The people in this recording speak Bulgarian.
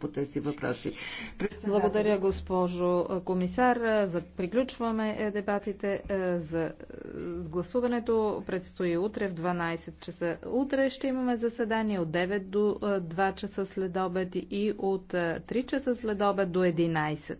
по тези въпроси. Благодаря, госпожо комисар. За приключваме е, дебатите е, за е, гласуването. Предстои утре в 12 часа. Утре ще имаме заседание от 9 до 2 часа след обед и от 3 часа след обед до 11.